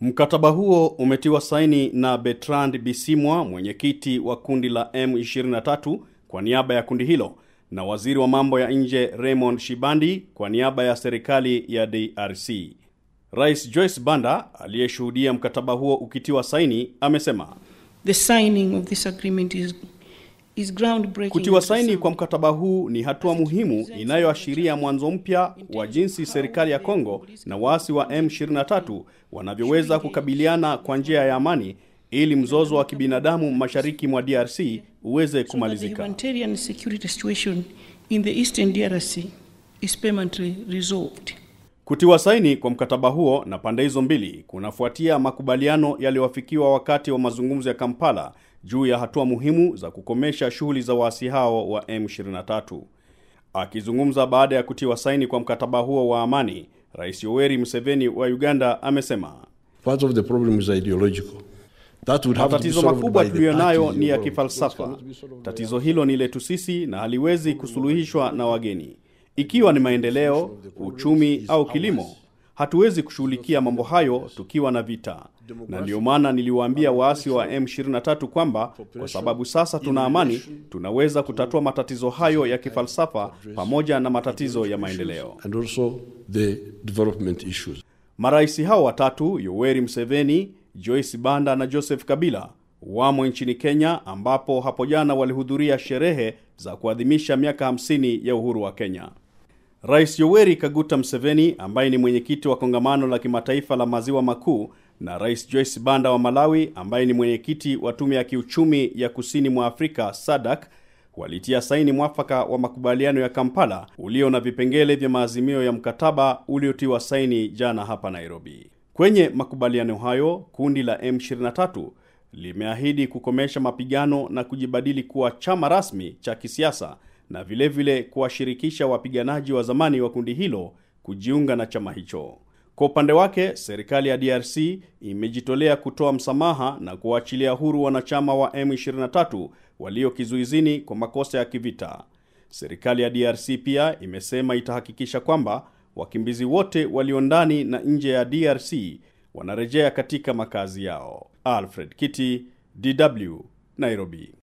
Mkataba huo umetiwa saini na Bertrand Bisimwa, mwenyekiti wa kundi la M23 kwa niaba ya kundi hilo na waziri wa mambo ya nje Raymond Shibandi kwa niaba ya serikali ya DRC. Rais Joyce Banda aliyeshuhudia mkataba huo ukitiwa saini amesema, The signing of this agreement is Kutiwa saini kwa mkataba huu ni hatua muhimu inayoashiria mwanzo mpya wa jinsi serikali ya Kongo na waasi wa M23 wanavyoweza kukabiliana kwa njia ya amani ili mzozo wa kibinadamu mashariki mwa DRC uweze kumalizika. So Kutiwa saini kwa mkataba huo na pande hizo mbili kunafuatia makubaliano yaliyoafikiwa wakati wa mazungumzo ya Kampala juu ya hatua muhimu za kukomesha shughuli za waasi hao wa M23. Akizungumza baada ya kutiwa saini kwa mkataba huo wa amani, Rais Yoweri Museveni wa Uganda amesema Part of the problem is ideological. That would have matatizo makubwa tuliyonayo ni ya kifalsafa. Tatizo hilo ni letu sisi na haliwezi kusuluhishwa na wageni ikiwa ni maendeleo, uchumi au kilimo. Hatuwezi kushughulikia mambo hayo tukiwa na vita, na ndiyo maana niliwaambia waasi wa M23 kwamba kwa sababu sasa tuna amani, tunaweza kutatua matatizo hayo ya kifalsafa pamoja na matatizo ya maendeleo. Marais hao watatu Yoweri Museveni, Joyce Banda na Joseph Kabila wamo nchini Kenya, ambapo hapo jana walihudhuria sherehe za kuadhimisha miaka 50 ya uhuru wa Kenya. Rais Yoweri Kaguta mseveni ambaye ni mwenyekiti wa kongamano la kimataifa la maziwa makuu na Rais Joyce Banda wa Malawi ambaye ni mwenyekiti wa tume ya kiuchumi ya kusini mwa Afrika sadak walitia saini mwafaka wa makubaliano ya Kampala ulio na vipengele vya maazimio ya mkataba uliotiwa saini jana hapa Nairobi. Kwenye makubaliano hayo, kundi la M23 limeahidi kukomesha mapigano na kujibadili kuwa chama rasmi cha kisiasa na vilevile kuwashirikisha wapiganaji wa zamani wa kundi hilo kujiunga na chama hicho. Kwa upande wake, serikali ya DRC imejitolea kutoa msamaha na kuwaachilia huru wanachama wa M23 walio kizuizini kwa makosa ya kivita. Serikali ya DRC pia imesema itahakikisha kwamba wakimbizi wote walio ndani na nje ya DRC wanarejea katika makazi yao. Alfred Kiti, DW, Nairobi.